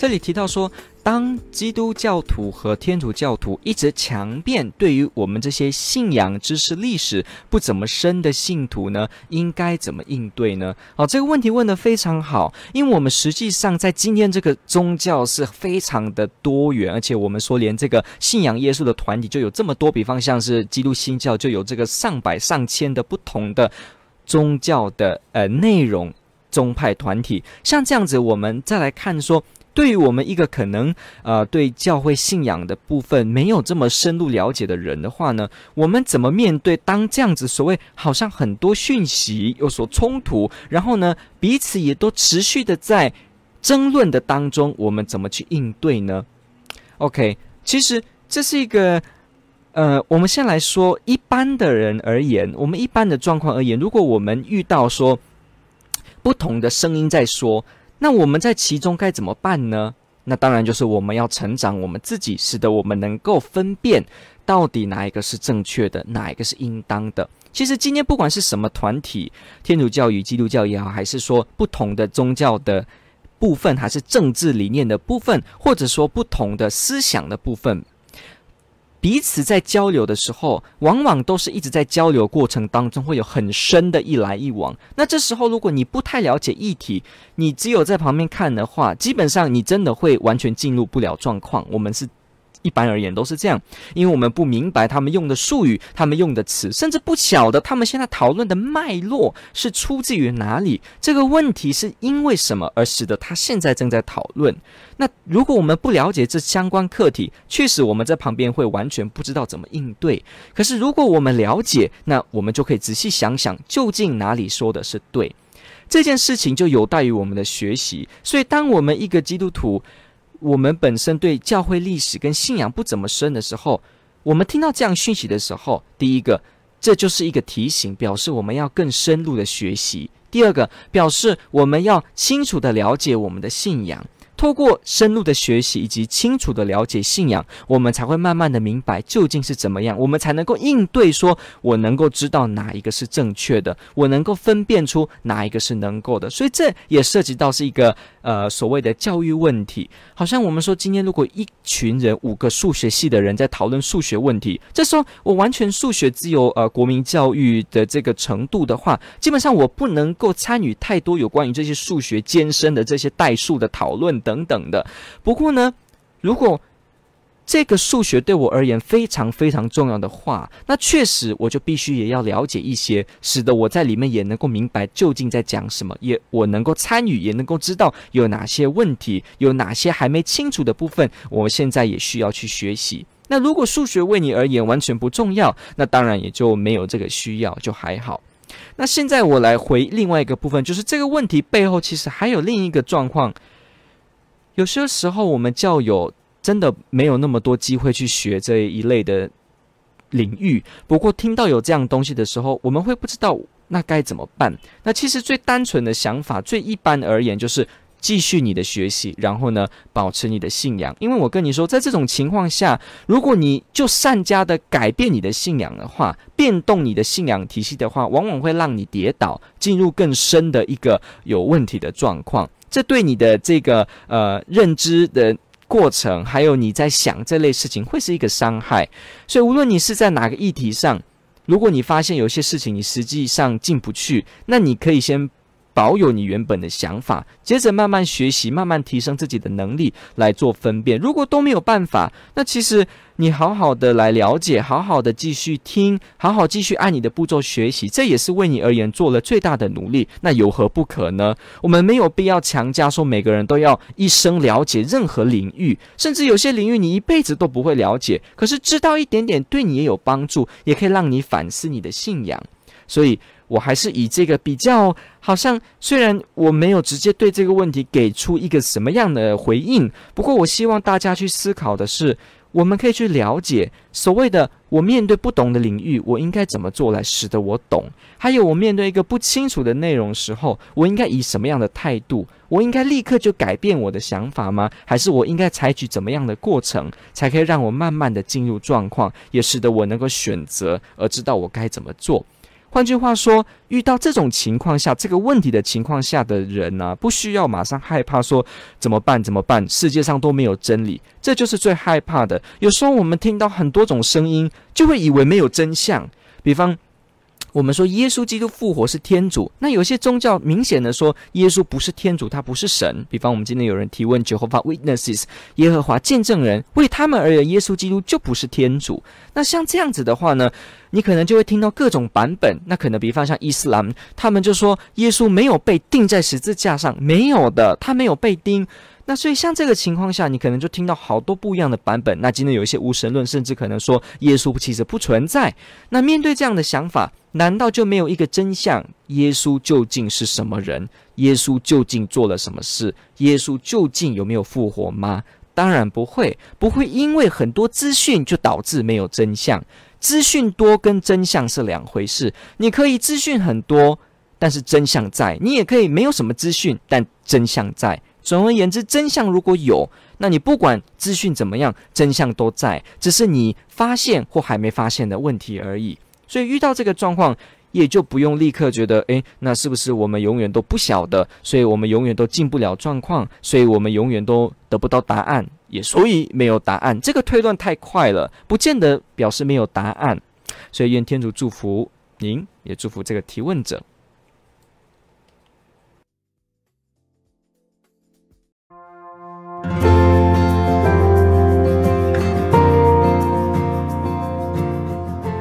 這裡提到說，當基督教徒和天主教徒一直強辯，對於我們這些信仰知識、歷史不怎麼深的信徒呢，應該怎麼應對呢？好、哦，這個問題問得非常好，因為我們實際上在今天這個宗教是非常的多元，而且我們說連這個信仰耶穌的團體就有這麼多，比方像是基督新教就有這個上百上千的不同的宗教的呃內容宗派團體，像這樣子，我們再來看說。對於我們一個可能啊、呃，對教會信仰的部分沒有這麼深入了解的人的話呢，我們怎麼面對當這樣子所謂好像很多訊息有所衝突，然後呢，彼此也都持續的在爭論的當中，我們怎麼去應對呢？OK，其實這是一個呃，我們先來說一般的人而言，我們一般的狀況而言，如果我們遇到說不同的聲音在說。那我們在其中該怎麼辦呢？那當然就是我們要成長我們自己，使得我們能夠分辨到底哪一個是正確的，哪一個是應當的。其實今天不管是什麼團體，天主教與基督教也好，還是說不同的宗教的部分，還是政治理念的部分，或者說不同的思想的部分。彼此在交流的時候，往往都是一直在交流過程當中，會有很深的一來一往。那這時候，如果你不太了解議題，你只有在旁邊看的話，基本上你真的會完全進入不了狀況。我們是。一般而言都是這樣，因為我們不明白他們用的術語，他們用的詞，甚至不曉得他們現在討論的脈絡是出自於哪裡。這個問題是因為什麼而使得他現在正在討論？那如果我們不了解這相關課題，確實我們在旁邊會完全不知道怎麼應對。可是如果我們了解，那我們就可以仔細想想究竟哪裡說的是對。這件事情就有待於我們的學習。所以，當我們一個基督徒，我們本身對教會歷史跟信仰不怎麼深的時候，我們聽到這樣訊息的時候，第一個，這就是一個提醒，表示我們要更深入的學習，第二個，表示我們要清楚的了解我們的信仰。透過深入的學習以及清楚的了解信仰，我們才會慢慢的明白究竟是怎麼樣，我們才能夠應對，說我能夠知道哪一個是正確的，我能夠分辨出哪一個是能夠的。所以這也涉及到是一個呃所謂的教育問題。好像我們說今天如果一群人五個數學系的人在討論數學問題，這時候我完全數學只有呃國民教育的這個程度的話，基本上我不能夠參與太多有關於這些數學艱深的這些代數的討論的。等等的，不過呢，如果這個數學對我而言非常非常重要的話，那確實我就必須也要了解一些，使得我在裡面也能夠明白究竟在講什麼，也我能夠參與，也能夠知道有哪些問題，有哪些還沒清楚的部分，我現在也需要去學習。那如果數學為你而言完全不重要，那當然也就沒有這個需要，就還好。那現在我來回另外一個部分，就是這個問題背後其實還有另一個狀況。有些時候，我們教友真的沒有那麼多機會去學這一類的領域。不過，聽到有這樣東西的時候，我們會不知道那該怎麼辦。那其實最單純的想法，最一般而言，就是繼續你的學習，然後呢，保持你的信仰。因為我跟你說，在這種情況下，如果你就善加的改變你的信仰的話，變動你的信仰體系的話，往往會讓你跌倒，進入更深的一個有問題的狀況。這對你的這個呃認知的過程，還有你在想這類事情，會是一個傷害。所以，無論你是在哪個議題上，如果你發現有些事情你實際上進不去，那你可以先，保有你原本的想法，接着慢慢學習，慢慢提升自己的能力來做分辨。如果都沒有辦法，那其實你好好的來了解，好好的繼續聽，好好繼續按你的步驟學習，這也是為你而言做了最大的努力。那有何不可呢？我們沒有必要強加說每個人都要一生了解任何領域，甚至有些領域你一輩子都不會了解，可是知道一點點對你也有幫助，也可以讓你反思你的信仰。所以，我還是以這個比較，好像雖然我沒有直接對這個問題給出一個什麼樣的回應，不過我希望大家去思考的是，我們可以去了解所謂的我面對不懂的領域，我應該怎麼做來使得我懂；還有我面對一個不清楚的內容時候，我應該以什麼樣的態度？我應該立刻就改變我的想法嗎？還是我應該採取怎麼樣的過程，才可以讓我慢慢的進入狀況，也使得我能夠選擇而知道我該怎麼做？換句話說，遇到這種情況下，這個問題的情況下的人呢、啊，不需要馬上害怕說怎麼辦？怎麼辦？世界上都沒有真理，這就是最害怕的。有時候我們聽到很多種聲音，就會以為沒有真相。比方，我們說耶穌基督復活是天主，那有些宗教明顯的說耶穌不是天主，他不是神。比方，我們今天有人提問 Jehovah's Witnesses，耶和華見證人為他們而言，耶穌基督就不是天主。那像這樣子的話呢？你可能就會聽到各種版本，那可能，比方像伊斯蘭，他們就說耶穌沒有被釘在十字架上，沒有的，他沒有被釘。那所以像這個情況下，你可能就聽到好多不一樣的版本。那今天有一些無神論，甚至可能說耶穌其實不存在。那面對這樣的想法，難道就沒有一個真相？耶穌究竟是什麼人？耶穌究竟做了什麼事？耶穌究竟有沒有復活嗎？當然不會，不會因為很多資訊就導致沒有真相。資訊多跟真相是兩回事，你可以資訊很多，但是真相在；你也可以沒有什麼資訊，但真相在。總而言之，真相如果有，那你不管資訊怎麼樣，真相都在，只是你發現或還沒發現的問題而已。所以遇到這個狀況，也就不用立刻覺得，哎，那是不是我們永遠都不曉得？所以我們永遠都進不了狀況，所以我們永遠都得不到答案，也所以沒有答案。這個推斷太快了，不見得表示沒有答案。所以願天主祝福您，也祝福這個提問者。